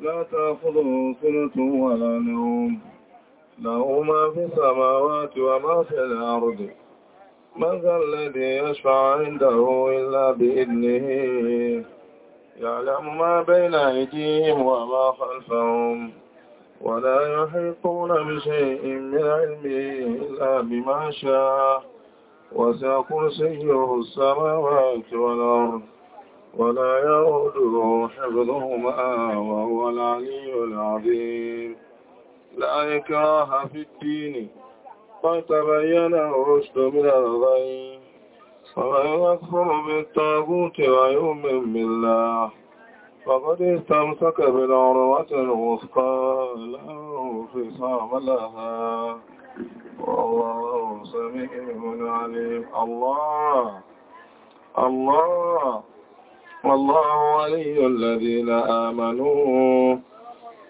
لا تأخذه سنة ولا نوم له ما في السماوات وما في الأرض من ذا الذي يشفع عنده إلا بإذنه يعلم ما بين أيديهم وما خلفهم ولا يحيطون بشيء من علمه إلا بما شاء وسيقول كرسيه السماوات والأرض ولا يعوده حفظهما وهو العلي العظيم لا إكراه في الدين قد تبين الرشد من الغي فمن يكفر بالطاغوت ويؤمن بالله فقد استمسك بالعروة الوثقى لا انفصام لها والله سميع عليم الله الله والله ولي الذين آمنوا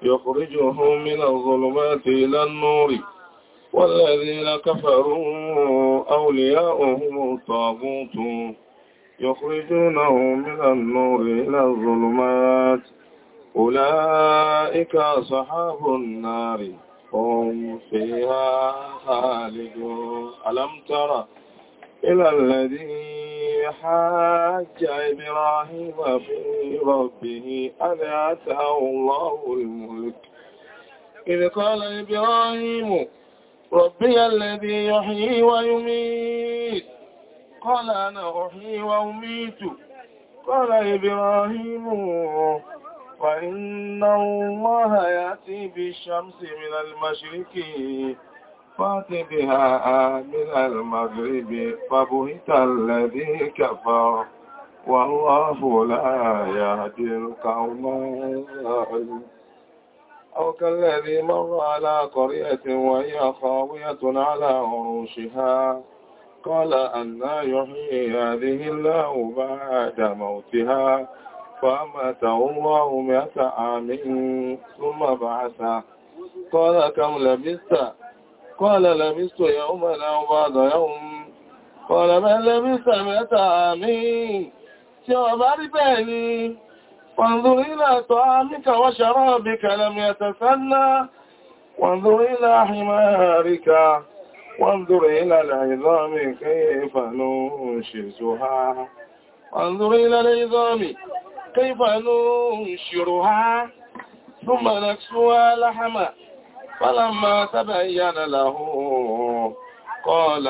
يخرجهم من الظلمات إلى النور والذين كفروا أولياؤهم الطاغوت يخرجونهم من النور إلى الظلمات أولئك أصحاب النار هم فيها خالدون ألم تر إلى الذين حاج إبراهيم في ربه أذ آتاه الله الملك إذ قال إبراهيم ربي الذي يحيي ويميت قال أنا أحيي وأميت قال إبراهيم وإن الله يأتي بالشمس من المشرك فات بها من المغرب فبهت الذي كفر والله لا يهدي القوم أو كالذي مر على قرية وهي خاوية على عروشها قال أنا يحيي هذه الله بعد موتها فأمته الله مئة عام ثم بعثه قال كم لبثت قال لبست يوما أو بعد يوم قال من لم متى عامين شرب بني وانظر إلى طعامك وشرابك لم يتسنى وانظر إلى حمارك وانظر إلى العظام كيف ننشزها وانظر إلى العظام كيف ننشرها ثم نكسوها لحما فلما تبين له قال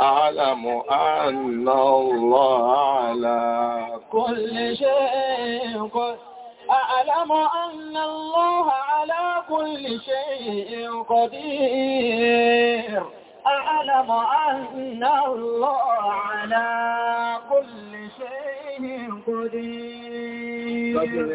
أعلم أن الله على كل شيء أعلم أن الله على كل شيء قدير أعلم أن الله على كل شيء قدير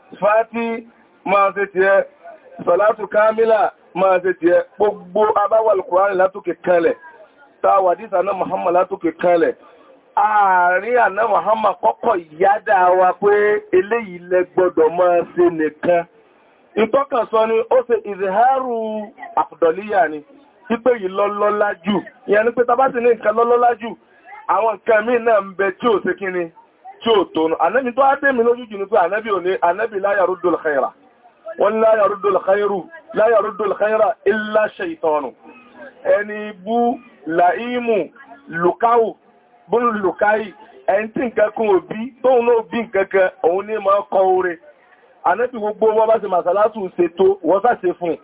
fàátí máa ṣe ti ẹ sọ̀látù kámílà máa ṣe ti ẹ gbogbo abáwàlù kùránì látòkè kanlẹ̀ tàwàdís àná Muhammad látòkè kanlẹ̀ ààrin àná Muhammad kọ́kọ̀ ìyádà wa pé eléyìí lẹ gbọdọ̀ máa ṣe nìkan ìtọ́kàn sọ ni ó ṣe ìzìhárù àpùdọ̀líyà ni pípé yìí lọ́lọ́lá jù ìyẹn ni pé tabátì ní nǹkan lọ́lọ́lá àwọn nǹkan míì náà ń bẹ tí ò ṣe kíni tí ó tónú anábi tó á dé mi lójú jù ní pé anábi ò ní anábi láyàrú dòl khaira wọ́n láyàrú dòl khairu láyàrú dòl khaira illa shaitanu ẹni bú làímù lùkáwù bún lùkáyì ẹni tí nǹkan kún òbí tóun náà bí nǹkan kan òun ní máa kọ oore anábi gbogbo wọn bá ti màsálásù ṣètò wọ́n sá ṣe fún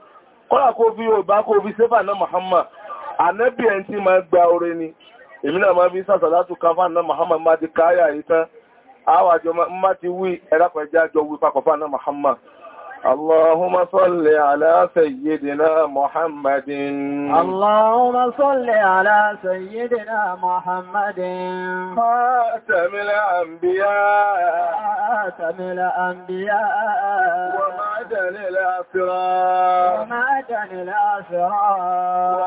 kọ́lá kó fi yóò bá kó fi sẹ́fà náà Muhammad anábi ẹni tí máa gba oore ni èmi máa fi sàṣàlátù káfà náà Muhammad máa ti káyà yìí àwọn àjọ má ti wí ẹ̀rápẹ̀já jọ wí papọ̀fà náà Muhammad اللهم صل على سيدنا محمد اللهم صل على سيدنا محمد خاتم الأنبياء خاتم الأنبياء ومعدن الأسرار ومعدن الأسرار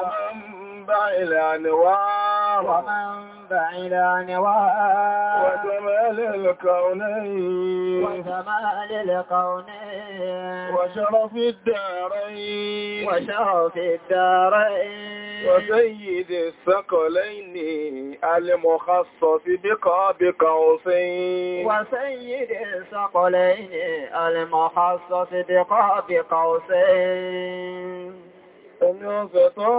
ومنبع الأنوار ومنبع فعلان وجمال الكونين وجمال الكونين وشرف الدارين وشرف الدارين وسيد الثقلين المخصص بقاب قوسين وسيد الثقلين المخصص بقاب قوسين Èmi ọ̀sẹ̀ tó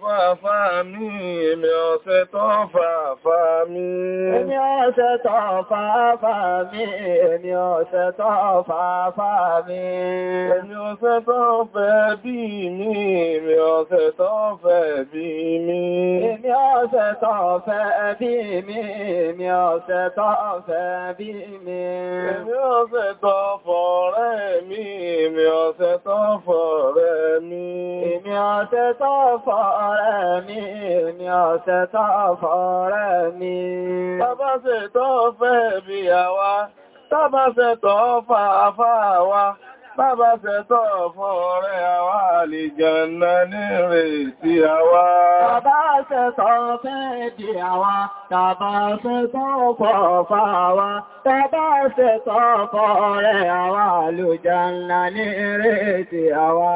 fàáfà mi, èmi ọ̀sẹ̀ tó fàáfà mi. Èmi ọ̀sẹ̀ tó fàáfà mi, èmi ọ̀sẹ̀ tó fàáfà mi. Èmi ọ̀sẹ̀ tó fẹ́ bí mi ọ̀fẹ́ tán fẹ́ bí mi. Èmi ọ̀fẹ́ tán fẹ́ bí mi. Èmi ọ̀fẹ́ tán fẹ́ bí mi. Èmi ọ̀fẹ́ tán fọ̀rẹ́ mi. Èmi ọ̀fẹ́ tán fọ̀rẹ́ mi. Èmi ọ̀fẹ́ tán fọ̀rẹ́ mi. Èmi ọ̀fẹ́ tán fọ̀rẹ́ mi. Bàbá ṣe tán fẹ́ bí àwa. Tábà ṣe fà àfà wa. Bàbá ṣẹ̀tọ́ fún ọ̀rẹ́ àwa àlìjànnà ní ìrètí àwa. Bàbá ṣẹ̀tọ́ fẹ́ di àwa, bàbá ṣẹ̀tọ́ fọ́ fà àwa, bàbá ṣẹ̀tọ́ fọ́ ọ̀rẹ́ àwa àlìjànnà ní ìrètí àwa.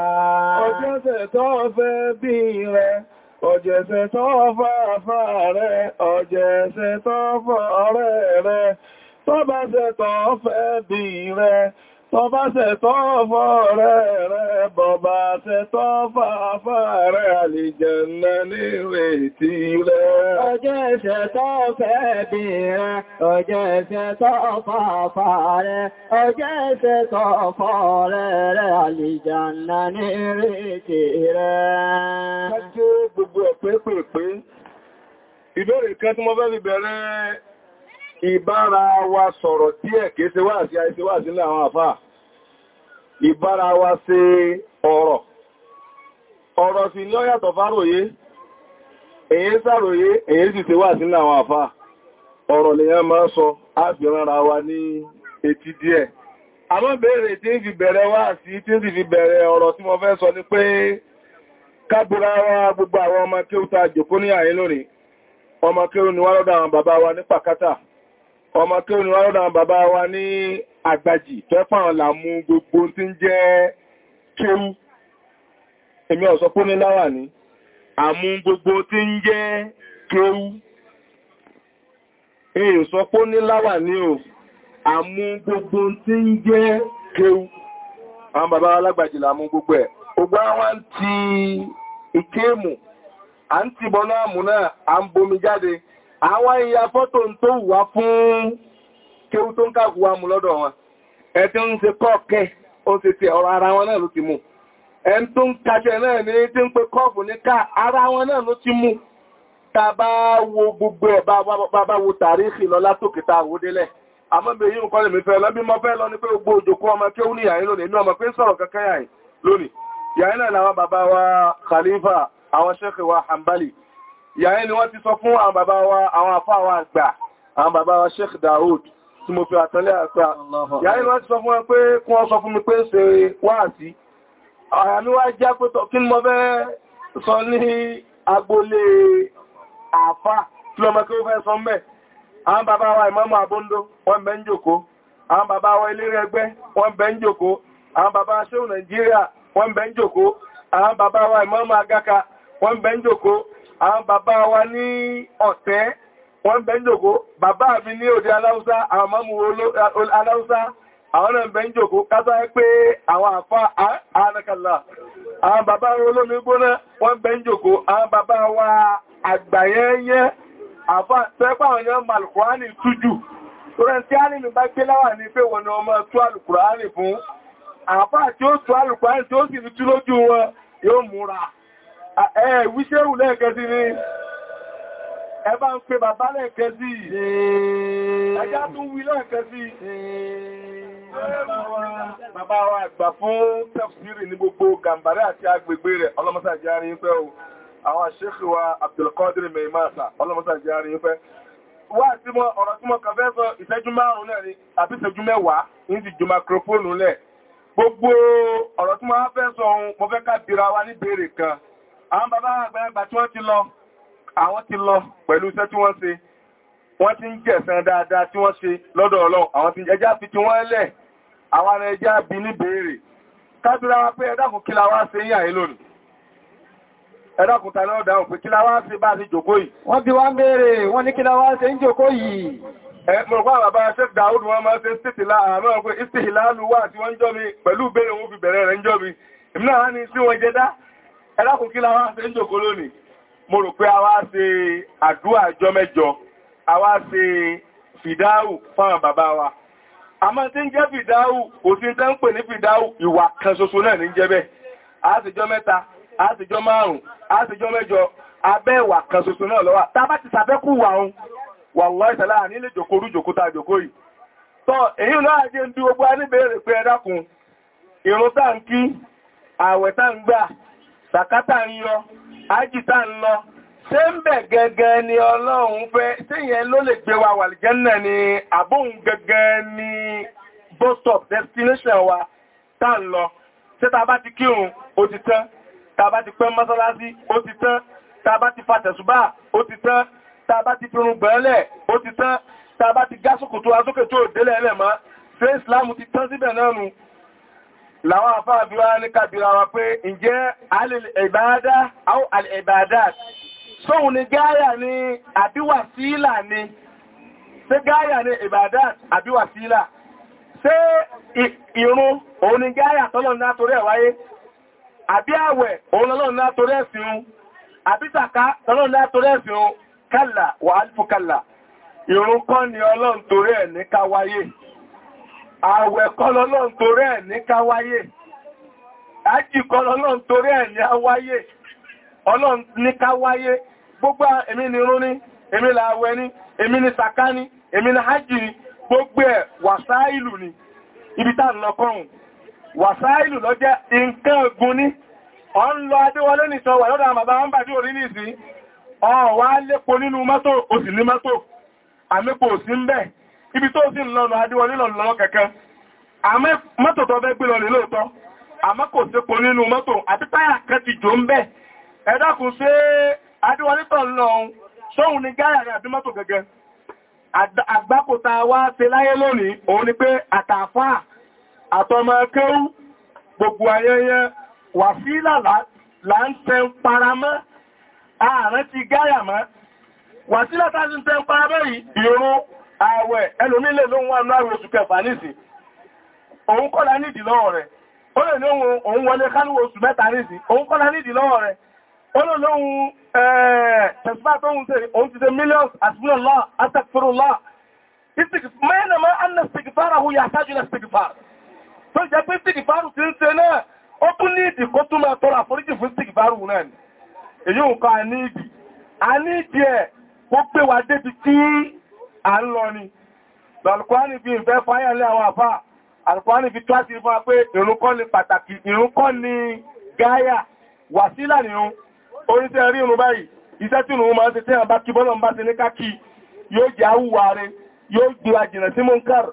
Ọjọ́ ṣẹ̀tọ́ fẹ́ bí rẹ̀. Ọjẹ́sẹ̀ tó fà fà rẹ̀, ọjẹ́sẹ̀ tó fà ọ̀rẹ́ rẹ̀, tó bá ṣẹ̀tọ́ fẹ́ bí rẹ̀, Tọ́bá ṣe tọ́fọ́ rẹ̀ rẹ̀ bọ̀bá ṣe tọ́fà fà rẹ̀ àlìjẹ̀nà níwẹ̀ tí rẹ̀. Ọjọ́ ìṣẹ́ tọ́fẹ́ bí rẹ̀, ọjọ́ ìṣẹ́ tọ́fà fà rẹ̀, ọjọ́ ìṣẹ́ tọ́fọ́ rẹ̀ rẹ̀ àlìjẹ̀nà níwẹ̀ tí rẹ̀. Ìbéèrè kan tí mo fẹ́ fi bẹ̀rẹ̀ ìbára wa sọ̀rọ̀ díẹ̀ kéèsewáàsí àìsewáàsí ní àwọn àfáà. ìbára wa se ọ̀rọ̀ ọ̀rọ̀ sí ní ọ̀yàtọ̀ fáròyé èyí sàròyé èyí sì ṣe wà ní àwọn àfá ọ̀rọ̀ lèyàn máa sọ ábìránra wa ní etí díẹ̀ àmọ́ tí ń fi bẹ̀rẹ̀ wá sí tí ń fi ọ̀rọ̀ tí ni pé gbogbo àwọn ọmọ kí ó ta jòkó ní àyín lónìí ọmọ kí wa ní pàkátà ọmọ kí ó ní wá wa ní àgbàjì tẹ́fà ọ̀là mú gbogbo tí ń jẹ́ kéwú èmi ọ̀sọ̀ pó ní láwà ní àmú gbogbo tí ń jẹ́ kéwú èyí sọ pó ní láwà ní o àmú gbogbo tí ń jẹ́ kéwú àwọn bàbá alágbàjì làmú gbogbo ẹ̀ ogbó àwọn ti ìkéèmù à ń tìbọn náà mú náà à ń bomi jáde àwọn ìyá fọ́tò ń tó wà fún kéwú tó ń kàkù wá mú lọ́dọ̀ wọn ẹ̀ tí ń ṣe kọ́ọ̀kẹ́ ó ṣe ti ọ̀rọ̀ ara wọn náà ló ti mú ẹ̀ tó ń kàṣẹ náà ní tí ń pe kọ́ọ̀fù ní ká ara wọn náà ló ti mú tàbá wo gbogbo ẹ̀ bá wo tàrífì lọ látòkè ta àwòdélẹ̀ àmọ́bẹ̀ yìí nǹkan lèmi wa Khalifa àwọn Sheikh wa Hanbali ìyàyín ni wọ́n ti bàbá wa àwọn àfáà wa àgbà àwọn bàbá wa Sheikh Daoud tí mo fi àtọ́lẹ̀ àpá yàrí wọ́n ti sọ fún wọn pé kún ọ fún mi pé ṣe wá àti àyà mi wá já pé kí ni mo fẹ́ sọ ní agboolé àfá tí lọ́mọ kí fẹ́ sọ mẹ́ àwọn bàbá wa ìmọ́mọ̀ àbóndó wọ́n bẹ́ ń jòkó àwọn bàbá wa eléré wọ́n bẹ́ ń jòkó àwọn bàbá ṣéhùn nàìjíríà wọ́n bẹ́ ń jòkó àwọn bàbá wa ìmọ́mọ̀ agaka wọ́n bẹ́ ń jòkó àwọn bàbá wa ní ọ̀tẹ́ wọ́n bẹ́ ń jòkó bàbá mi ní òde aláúsá àwọn mọ́mú aláúsá àwọn náà bẹ́ ń jòkó kásá pé àwọn àfá àánàkàlà àwọn bàbá olómi gbóná wọ́n bẹ́ ń jòkó àwọn bàbá wa àgbàyẹ́yẹ́ àfá tẹ́pà àwọn yẹn malkùránì tújù tó rẹ̀ tí a nínú bá gbé láwà ní pé wọ́n ọmọ tú alùkùránì fún àfá tí ó tú alùkùránì ẹbá ń pè bàbá lẹ́ẹ̀kẹ́ sí ẹjá tún wí lẹ́ẹ̀kẹ́ sí bàbá wa àgbà fún tafsiri ní gbogbo gàmbàrẹ́ àti agbègbè rẹ̀ ọlọ́mọ́sá jẹ́rin ń fẹ́ o àwọn ṣéèkì wa Abdulkadir Maimasa ọlọ́mọ́sá jẹ́rin ń fẹ́ wá sí mọ́ ọ̀rọ̀ tí mọ́ kàn fẹ́ sọ ìṣẹ́jú márùn-ún náà ni àbí ìṣẹ́jú àwọn ti lọ pẹ̀lú iṣẹ́ tí wọ́n ṣe wọ́n ti ń jẹ̀san dáadáa tí wọ́n ṣe lọ́dọ̀ Ọlọ́run àwọn ti ẹjá fi tí wọ́n lẹ̀ àwọn ará ẹjá bí ní béèrè kábíra wa pé ẹ̀dàkùn kí la wá ṣe ń yàí lónìí ẹ̀dàkùn ta náà dáhùn pé kí la wá ṣe bá ti jòkó yìí wọ́n bí wá ń béèrè wọ́n ní kí la wá ṣe ń jòkó yìí mọ̀rọ̀pá bàbá ṣe dáúd wọn máa ṣe stìtìlá àmọ́ pé ìstìhìláàlú wà tí wọ́n ń jọ́ mi pẹ̀lú béèrè wọn fi bẹ̀rẹ̀ rẹ̀ ń jọ́ mi ìmúnà wá ní sí wọn jẹ́dá ẹ̀dàkùn kí la wá ṣe ń jòkó lónìí mo rò pé a wá ṣe àdúrà ọjọ́ mẹ́jọ a wá ṣe fìdáhù fáwọn bàbá wa àmọ́ tí ń jẹ́ fìdáhù kò sí tẹ́ ń pè ní fìdáhù ìwà kan ṣoṣo náà ní jẹ́ bẹ́ẹ̀ a sì jọ mẹ́ta a sì jọ márùn a sì jọ mẹ́jọ abẹ́ ìwà kan ṣoṣo náà lọ́wà tá bá ti sàbẹ́kù wà tọ́ èyí náà jẹ́ ń bí gbogbo aníbẹ̀ẹ́rẹ̀ pé ẹdákun ìrun ń kí àwẹ̀ ń gbà sàkátà ń yọ àjítà ń lọ ṣé ń bẹ̀ gẹ́gẹ́ ni ọlọ́run fẹ́ tíyẹn ló lè gbé wa wà lìjẹ́nà ni àbóhun gẹ́gẹ́ ni bus stop destination wa tá ń lọ ṣé ta bá ti kírun ó ti tán ta bá ti pẹ́ mọ́sálásí ó ti tán ta bá ti fàtẹ̀sùbá ó ti tán ta bá ti firun bẹ̀ẹ́lẹ̀ ó ti tán ta bá ti gásùkù asókè tó òdélẹ̀ mọ́ ṣé ìsìlámù ti tán síbẹ̀ náà nù láwọn àfáàbí wá ní kàbíra wa pé ǹjẹ́ alìlẹ̀bàádá àwọn alìlẹ̀bàádá sóhun ni gáyà ni àbíwà sílà ni ṣé gáyà ni ìbàádá àbíwà sílà ṣé ìrun òun ni gáyà tọ́lọ̀ ní àtorí ẹ̀wáyé àbí àwẹ̀ òun lọ́lọ́ ní ẹ̀sìn ni ọlọ́run torí ẹ̀ àwẹ̀ kọlọlọ́n torí ẹ̀ ní káwáyé àjí kọlọlọ́n torí ẹ̀ ní àwáyé ọlọ́n ní gbogbo èmi ni rún ní èmi làwẹ̀ ní èmi ni saka ní ni hajji ní gbogbo ẹ̀ wàsáìlù ní ibi tá ń lọkọrùn wàsáìlù lọ jẹ́ nǹkan ẹ̀gùn ọ ń lọ ọ wá lepo n'inu mato osi n'i mato àmẹ́pò òsì ń ibi tó sì ń lọ́nà adíwọ nílọ̀ lọ́wọ́ kẹ̀kẹ́ àmọ́ mọ́tò tó fẹ́ gbé lọ lè lóòótọ́ àmọ́ kò sí po nínú mọ́tò àti táyà kan ti jò ń bẹ̀ ẹ dákun ṣé adíwọ nítọ̀ lọ́hun sóhun ni gáyà rẹ̀ àbí mọ́tò gẹ́gẹ́ àgbákòta wá ṣe láyé lónìí òun ń tẹ ń tẹ paramọ́ ìrún ààwẹ̀ ẹlòmílè ló ń wá náà oṣù kẹfà nìsí òun kọ́lá nídì lọ́wọ́ rẹ̀ ó lè ní òun wọlé kánúwò oṣù mẹ́ta nìsí òun kọ́lá nídì lọ́wọ́ rẹ̀ ó lè lóhun eh, tẹ̀síbá tó ń tẹ̀rí òun ti tẹ millions asmúlọ́lá atẹ́kùrúlá mẹ́nàmá anna stigifara hu yàtájú na stigifara tó jẹ́ pé stigifaru ni èyí nǹkan wa débi à ń lọ ni alùkwáàní fi ìfẹ́ fáyẹ̀lẹ́ àwọn àfá alùkwáàní fi tó àti fún pé ìrúnkọ́ ni pàtàkì ìrúnkọ́ ni gáyà wàsílà nìrún oríṣẹ́ rí irun báyìí iṣẹ́ tí ìrùn máa ń ṣe tí àbá ti ní káàkì yóò jẹ́ àwùwà rẹ̀ yóò gbìyà jìnà sí munkar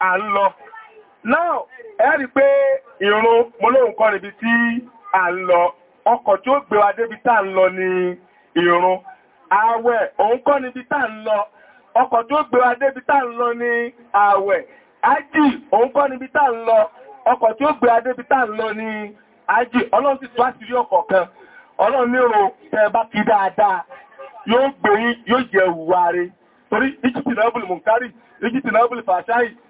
à ń lọ náà ẹ̀rí pé ìrun mọ́lóhùn kọ́ níbi tí à ń lọ ọkọ̀ tí ó gbé wa débi tá ń lọ ni ìrun ààwẹ̀ òun kọ́ níbi tá ń lọ ọkọ̀ tí ó gbé wa débi tá ń lọ ni ààwẹ̀ ájì òun kọ́ níbi tá ń lọ ọkọ̀ tí ó gbé wa débi tá ń lọ ni ájì ọlọ́run ro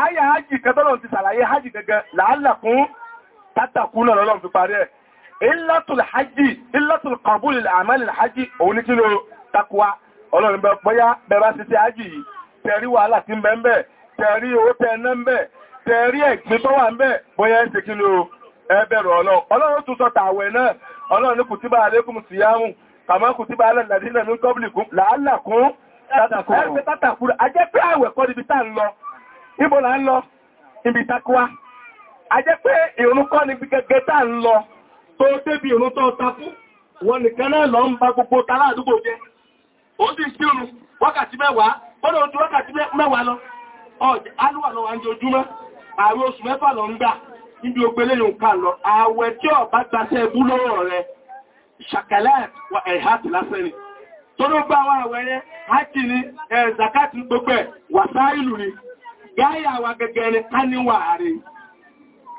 aya hajji kẹtọ́lọ̀ ti sàlàyé hajji gẹ́gẹ́ làálàkún tátàkú náà lọ́lọ́ fi parí ẹ̀ illatul hajji illatul qabul al hajji òun ní kí ló takwa ọlọ́rin bọ́yá bẹ̀rẹ̀ sí ti hajji yìí tẹ̀rí wàhálà ti bẹ́ẹ̀ tẹ̀rí owó tẹ̀ẹ́ná bẹ́ẹ̀ tẹ̀rí ẹ̀gbẹ́ níbo là ń lọ ibi takuwa a jẹ́ pé ìrún kọ́ níbi gẹ́gẹ́ ń lọ tó débi ìrún tó takú wọn nìkan náà lọ ń gbogbo tara àdúgbò jẹ́ ó sì sí òun wákàtí mẹ́wàá ka ojú wákàtí mẹ́wàá lọ ọjọ́ alúwà lọ wà ń jojúmọ́ lọ ń gbogbo ẹ̀ wà sáà ni yáyà wa gẹ́gẹ́ ẹni ká níwà rí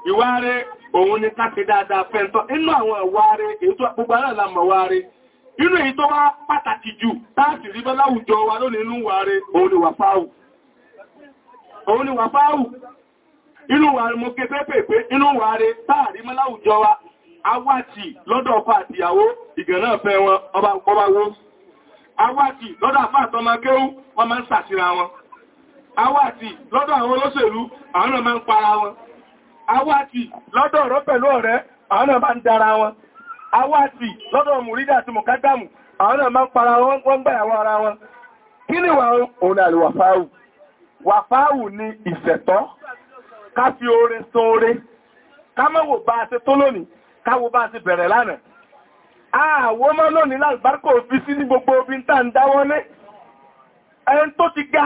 ìwà rí òun ni ká ti dáadáa fẹ́ntọ́ inú àwọn ìwà èyí tó gbogbo ara lámọ̀ wà inú èyí tó wá pàtàkì jù láti rí bọ́láwùjọ wa lónìí inú wà òun ni wà inú mo ké pépèpé inú táàrí mọ́láwùjọ wa lọ́dọ̀ àtìyàwó wọn ọba lọ́dọ̀ àfáàtọ́ wọ́n máa ń wọn awá àti lọ́dọ̀ àwọn olóṣèlú àwọn náà máa ń para wọn awá àti lọ́dọ̀ ọ̀rọ̀ pẹ̀lú ọ̀rẹ́ àwọn ọmọ máa ń dára wọn awá àti lọ́dọ̀ mùrídà àti mọ̀kádàmù àwọn náà ń para wọn wọ́n gbà àwọn ara wọn kí ni wà òun àlè wàfáwù wàfáwù ẹni tó ti ga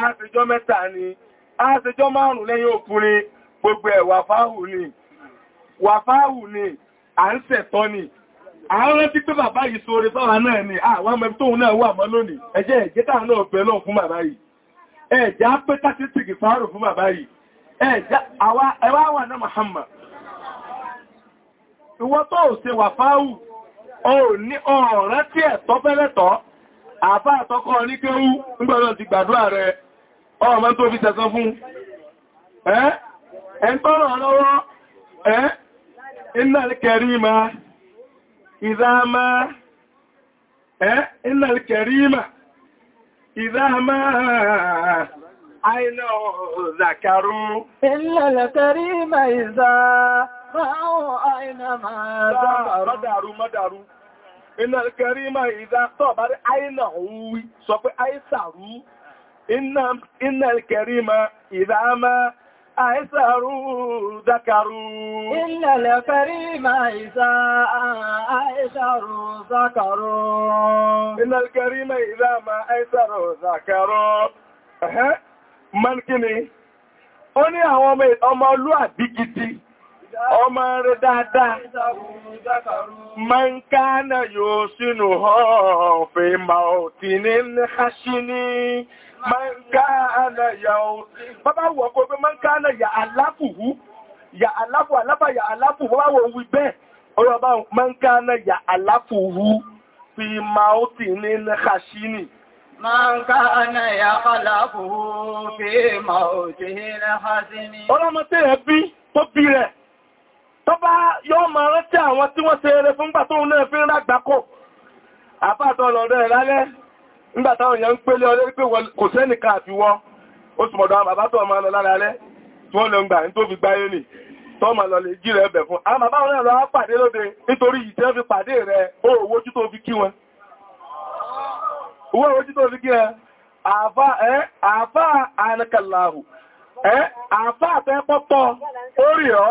àṣejọ́ mẹ́ta ni àṣejọ́ márùn lẹ́yìn òkú ni gbogbo ẹ̀ wàfáhù ni wàfáhù ni à ń ṣẹ̀tọ́ ni à ń rántí pé bàbá yìí sóre fáwa náà ni àwọn mẹ́bí tóun náà wà mọ́ lónìí ẹjẹ́ ẹ̀jẹ́ táwọn náà bẹ̀ lọ fún bàbá Muhammad ìwọ tó ò ṣe wàfáhù ò ní ọ̀rẹ́ tí àfá àtọ́kọ́ ní kéwú nígbàrán ti gbàdúrà rẹ̀ ọmọ tó fi tẹ̀sán fún ẹ́ tọ́rọ lọ́wọ́ ẹ́ innal ìzámá ẹ́ innal ìzámá àìlọ́ zàkàrú innal ìzámá àìlọ́ zàkàrú iná kẹrí máa ìdáktọ̀ bá rí àìnà òun wí sọ pé àìsàrú iná kẹrí máa ìdámá àìsàrú dákarú iná kẹrí máa ìsá àìsàrú dákarú iná kẹrí máa ìdámá àìsàrú dákarú ẹ̀hẹ́ mọ́nkí ni ní àwọn ọmọ olú àbígidi ọmọ rẹ̀ dáadáa máa ń káánà yóò sínú ọ̀fẹ́ màọ̀tí ní ṣáṣí ní máa ń káánà yóò bábá wọ̀ kó pé máa ń káánà yà aláfùhú yà aláfù aláfà yà aláfù bábá wọ̀ wí bẹ́ẹ̀ ọ̀rọ̀ bá máa yà aláfùhú fi màọ̀tí ní ṣáṣí ní Man kana ya kalafu fi mauti na hasini. Ọlọ́mọ tí ẹ bí tó bí tó bá yọ́ máa rántí àwọn tí wọ́n ṣe eré fún gbà tó náà fi ń rágbákò àfáàtọ̀ lọ́rẹ́ lálẹ́ nígbàtàwọn èèyàn ń pélé ọlé pé kò sẹ́nìká àti wọ́n ó túnmọ̀dọ̀ àwọn bàbá tó ọmọ lọ lára rẹ̀ tí wọ́n lọ ń gbà ní tó fi gbáyé nì tọ́mà lọ lè jí rẹ̀ bẹ̀ fún àwọn bàbá wọn lọ pàdé lóde nítorí ìtẹ́ fi pàdé rẹ̀ owó ojú tó fi kí àfá ànàkàláhù orí ọ́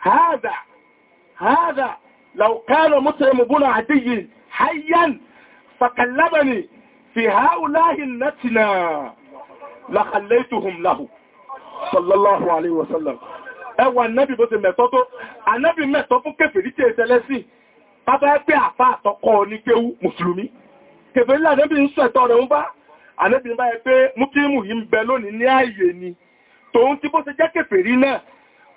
هذا هذا لو كان مسلم بن عدي حيا فكلمني في هؤلاء النتنا لخليتهم له صلى الله عليه وسلم ẹwà nẹ́bì bó ti mẹ̀tọ́ tó anẹ́bì mẹ́tọ́ fún kèfèrí tí ètẹ́lẹ́ sí bábá ẹgbẹ́ àfá àtọ́kọ́ ní kéwú mùsùlùmí kèfèrí anẹ́bì ń sọ ẹ̀tọ́ rẹ̀ ń bá anẹ́bì ń bá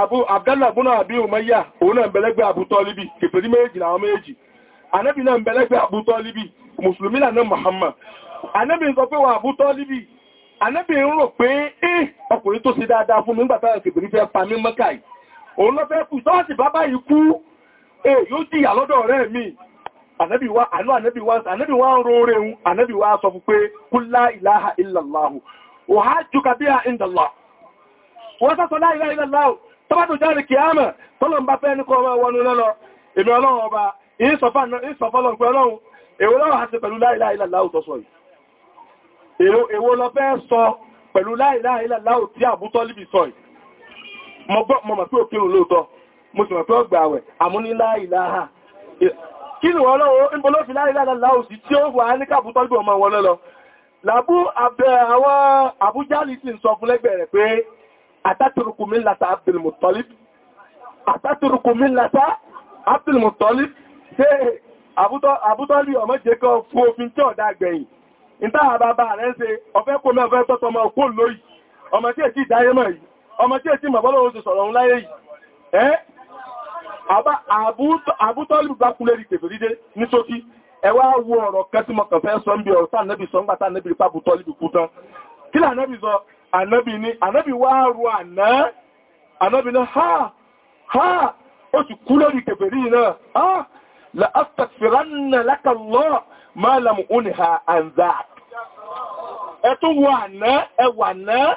abu abdallah buna abi umayya òun náà bẹ̀lẹ́gbẹ̀ abu tọ́líbì kèfèrí méjì làwọn méjì anábì náà bẹ̀lẹ́gbẹ̀ abu tọ́líbì musulmi lànà muhammad anábì ń sọ abu tọ́líbì anábì ń rò pé eh ọkùnrin tó ṣe dáadáa fun mi kefere kèfèrí fẹ́ makai mí mọ́kàì òun lọ fẹ́ kú baba bàbá eh yóò jìyà mi anabi wa anabi wa tọ́bátò jáde kìí àmà tọ́lọ̀n bá fẹ́ ní kọ́ ọmọ wọnú lọ́lọ́ ìlú ọlọ́run ọba ìsọ̀fọ́lọ̀n pé ọlọ́run èwo lọ́wọ́ àti pẹ̀lú láìláìláìláò tó sọ yìí èwo lọ fẹ́ sọ pẹ̀lú láìláìláìláò tí àbútọ́ líbi sọ yìí mo mọ̀ pé òkèrò lóòtọ́ mo sì mọ̀ pé ọgbà àwẹ̀ àmúní láìláà kí ni wọ́n lọ́wọ́ tí ó wà àtàtùrùkù mílàtà Abdulmuttalib àtàtùrùkù mílàtà Abdulmuttalib ṣe àbútọ́lì ọmọ jẹ́ kọ́ fún òfin tí ọ̀dá gbẹ̀yìn ìtàhà bàbá rẹ̀ ṣe ọ̀fẹ́ kó mẹ́fẹ́ tọ́tọ́ ọmọ òkú lóyìí ọmọ tí èkì ìdáyé mọ̀ yìí ọmọ tí èkì mọ̀bọ́lọ́ oṣù sọ̀rọ̀ ń láyé yìí ẹ́ àbútọ́lì bá kúlẹ̀ rí kèfè dídé ní sókí ẹwà wo ọ̀rọ̀ kẹsìmọ̀kànfẹ́ sọ́ńbí ọ̀rọ̀ sáà nẹ́bì sọ́ńgbà sáà nẹ́bì rí pàbútọ́lì kú tán kí là nẹ́bì sọ ànábì ní ànábì wá rú àná ànábì náà ha ha ó ti kú lórí kèfèrí náà ha la astaghfiranna laka Allah ma lam unha an za'ak ẹ̀tún wọ àná ẹwà náà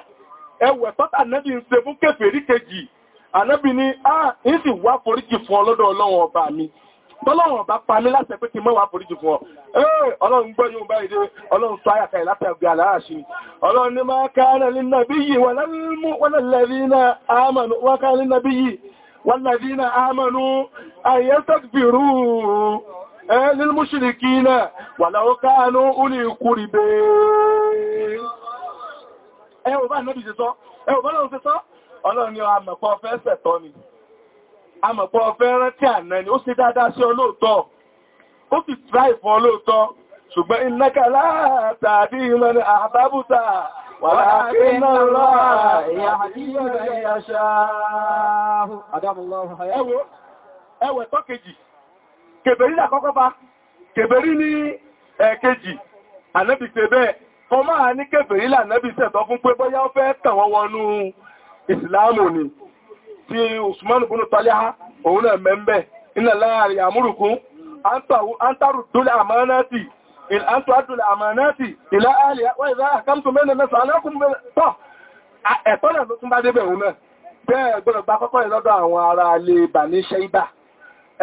ẹwẹ̀ tọ́ta ànábì ń ṣe fún kèfèrí kejì ànábì ní ah ń sì wá foríjì fún ọlọ́dọ̀ ọlọ́run ọba tọ́lọ́wọ̀n bá pa mí láti pé kí mọ́ wà foríjì fún ọ. Ee ọlọ́run gbọ́ yóò bá ìdé ọlọ́run tó ayàkà ìlàtà ọgbà aláàṣì. Ọlọ́run ní máa káàrẹ̀ lẹ́nàbí yìí wọ́lẹ́lẹ́rínà àmànú àyẹ́sẹ̀gbìrú ẹ̀lẹ́lmúṣìrìkì náà wà láwọ́kánú ulì kúrìbẹ̀. Ẹ amọ̀pọ̀ fẹ́ràn tí àná ni ó ṣe dáadáa sí ọlóòtọ́ ó sì tíráì fún ọlóòtọ́ ṣùgbọ́n innaka la tahdi man ahbabta walakinna Allaha yahdi man yasha'u ẹwẹ̀ tọ́ kejì kèbèrí lákọ́kọ́ bá kèbèrí ní ẹ̀kejì ànábì ṣe bẹ́ẹ̀ kọ máa ní kèbèrí lànábì ṣẹ̀tọ́ fún pé bọ́yá ó fẹ́ tàwọn wọnú ìsìláàmù ni ti Usman bunu Talha òun náà mẹ́mbẹ̀ iná láàrin àmúrùkún antaru dole amanati il antu adul amanati ila ahliha wa idha ahkamtum bayna an-nas alakum bi ta ẹ̀tọ́ náà ló tún bá débẹ̀ òun náà bẹ́ẹ̀ gbọ́dọ̀ gba kọ́kọ́ rẹ̀ lọ́dọ̀ àwọn ará ilé Bani Shayba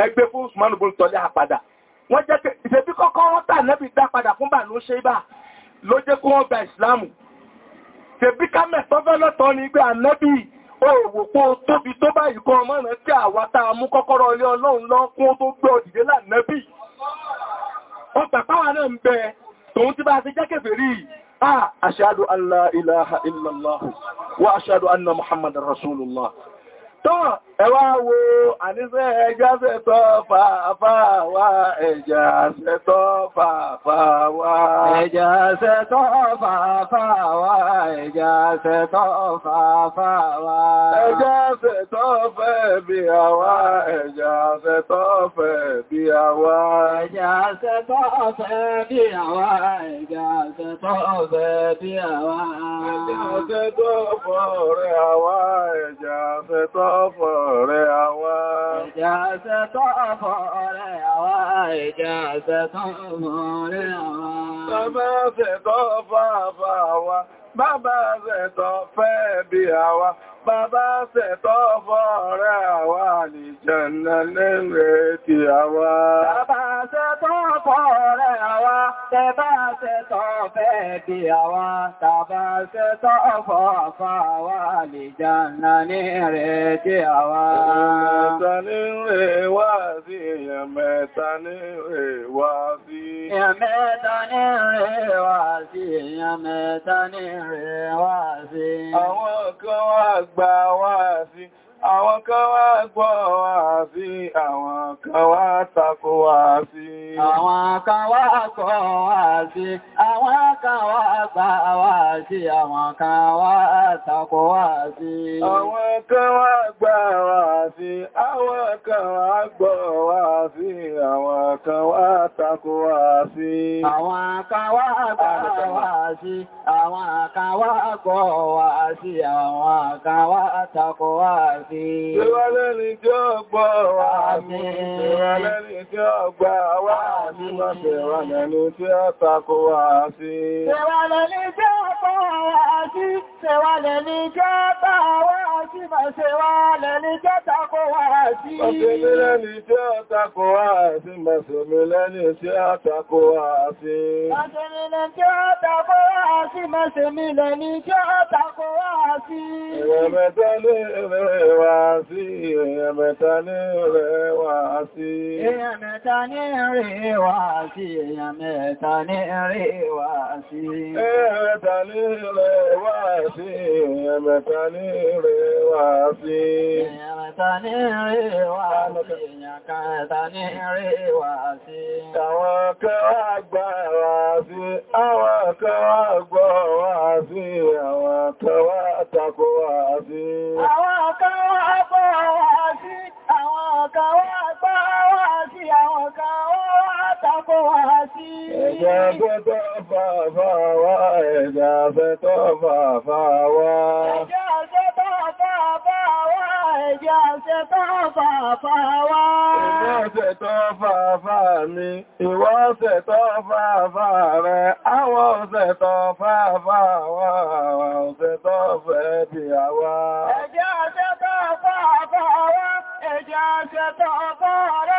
ẹgbẹ́ fún Usman bunu Talha padà wọ́n jẹ́ ìṣẹ́bí kọ́kọ́ wọ́n tà lẹ́bí ká mẹ́tọ́fẹ́ lọ́tọ́ ni pé ànábì òwòpó tóbi tó bá ìkọ́ ọmọ náà tí àwa tá a mú kọ́kọ́rọ́ ilé ọlọ́run lọ kún tó gbé ọdìdé lánàbì ọgbà páwà náà ń bẹ tòun ti bá ti jẹ́ kèfèrí ah ashhadu an la ilaha illallah tọ́ ẹwà wo àníṣẹ́ ẹjá sẹ́tọ́ fàáfà wá ẹjá sẹ́tọ́ fàáfà wá ẹjá sẹ́tọ́ fàáfà wá ẹjá sẹ́tọ́ fàáfà wá ẹjá sẹ́tọ́ fẹ́ bí àwa ẹjá sẹ́tọ́ fẹ́ bí àwa ẹjá sẹ́tọ́ fẹ́ bí àwa ẹjá sẹ́tọ́ fẹ́ bí àwa ẹjá sẹ́tọ́ fọ́ rẹ̀ àwa ẹjá sẹ́tọ́ ọ̀fọ̀ rẹ̀ àwa. Ìjà ṣẹ̀tọ́ ọ̀fọ̀ rẹ̀ àwa, ìjà ṣẹ̀tọ́ ọ̀fọ̀ rẹ̀ àwa. Bàbá ṣẹ̀tọ́ ọ̀fọ̀ àfà àwa, bàbá ṣẹ̀tọ́ fẹ́ bí àwa, bàbá ṣẹ̀tọ́ ọ̀fọ̀ rẹ̀ àwa, àlìjẹ̀ nà lẹ́rẹ̀ẹ́ ti àwa tọ́pọ̀ rẹ̀ àwa, tẹbá ṣe tọ́fẹ́ bí àwa, tàbá ṣe tọ́fọ́ àfá àwa lè jànà ní rẹ̀ tí àwa. Mẹ́ta ní rẹ̀ wá sí, mẹ́ta ní rẹ̀ wá sí. Mẹ́ta ní rẹ̀ wá sí, mẹ́ta ní rẹ̀ wá sí. Àwọn kan wá gbà wá sí àwọn kan wá gbọ́ wá sí àwọn kan wá takò wá sí àwọn kan wá kọ̀ wá sí àwọn kan wá gbà wá sí àwọn kan wá takò wá sí àwọn kan wá gbà wá sí àwọn kan wá gbọ́ wá sí àwọn kan wá takò wá sí àwọn kan wá gbà wá sí àwọn kan wá kọ̀ wá sí àwọn kan wá takò wá sí àmín. Tíwá lẹ́ni tí ó gbọ́ wa àmín. Tíwá lẹ́ni tí ó gbà wa àmín. Tíwá lẹ́ni tí ó takò wa àmín. Tíwá lẹ́ni tí ó gbọ́ wa sí ṣẹwà lẹ́ni jẹ́ tàwà sí ma ṣẹwà lẹ́ni jẹ́ takò wà sí. Ọ̀sẹ̀mí lẹ́ni jẹ́ takò wà sí ma ṣẹ̀mí lẹ́ni jẹ́ takò wà sí. Ọ̀sẹ̀mí lẹ́ni jẹ́ takò wà sí ma ṣẹ̀mí lẹ́ni jẹ́ takò wà sí. Ìrẹ̀mẹ̀ta lè rẹ̀ wá sí, ìrẹ̀mẹ̀ta lè rẹ̀ wá sí. Ìrẹ̀mẹ̀ta ní wá sí ẹ̀mẹ̀ta ní rẹ̀ wá sí. Ẹ̀mẹ̀ta ní rẹ̀ wá sí, ẹ̀mẹ̀ta ní rẹ̀ wá Àwọn kẹwàá gbọ́ wá àwọn kẹwàá kó wà sí. Ẹ̀dà fẹ́tọ́ fàfà wá, ẹ̀dà fẹ́tọ́ fàfà wá. Ẹ̀dà fẹ́tọ́ fàfà wá, ẹ̀dà fẹ́tọ́ fàfà wá. Ìwọ́ ṣẹ̀tọ́ fàfà mi, ìwọ́ ṣẹ̀tọ́ fàfà rẹ̀, àwọn ṣẹ̀tọ́ fàfà wá, àwọn ṣẹ̀tọ́ fẹ́ bí àwa. Ẹ̀dà fẹ́tọ́ fàfà wá, ẹ̀dà fẹ́tọ́ fàfà rẹ̀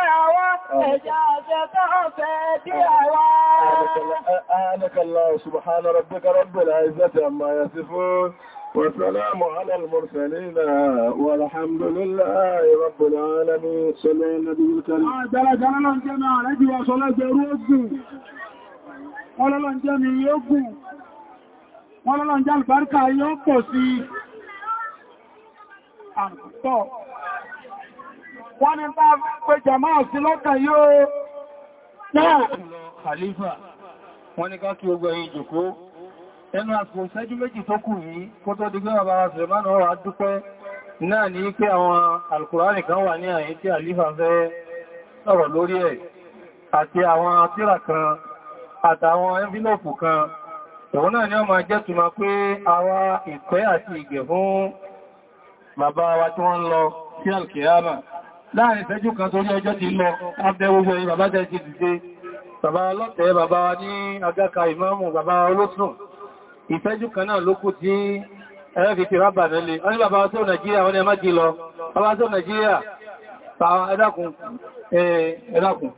ẹjá jẹ́ tọ́fẹ́ dí àwá. Ànàkàlá subhánà rabbika rabbil izzati amma yasifun wa salamun ala al-mursalin walhamdulillahi rabbil alamin sọ́lọ́ nabiyil karim. Ah, Àjẹ́lẹ́jẹ́lẹ́ lọ́n jẹ́ mi àrẹ́jì wa sọ́lọ́ jẹ́ rúgbùn. Wọ́n lọ́n jẹ́ mi yóò gùn. Wọ́n wọ́n ni bá pé jàmáà sí lọ́kàn yóò náà Khalifa wọ́n ni ká kí ogbò ẹ̀yìn jùkú ẹnu àsìkò ìṣẹ́jú méjì tó kù yìí kó tó di gbẹ́wà bára Sùlẹ̀mánù ọ̀rọ̀ adúpẹ́ náà ní pé àwọn alkùránì kan wà ní àyí tí Khalifa fẹ́ sọ̀rọ̀ lórí ẹ̀ àti àwọn tírà kan àtàwọn envelope kan òun náà ni ó máa jẹ́ túnmà pé àwa ìpẹ́ àti ìgẹ̀ fún bàbá wa tí wọ́n lọ sí alkiyama láàrin ìṣẹ́jú kan torí ọjọ́ ti lọ abẹ́ gbogbo ẹ̀yìn bàbá jẹ́ ti dìde bàbá ọlọ́tẹ̀ bàbá ní agáka ìmáàmù bàbá olóṣùn ìṣẹ́jú kan náà ló kù tí ẹ̀rẹ́fì ti rábà nílé wọ́n ní bàbá tó nàìjíríà wọ́n ní ẹmá jí lọ bàbá tó nàìjíríà ẹ̀dàkùn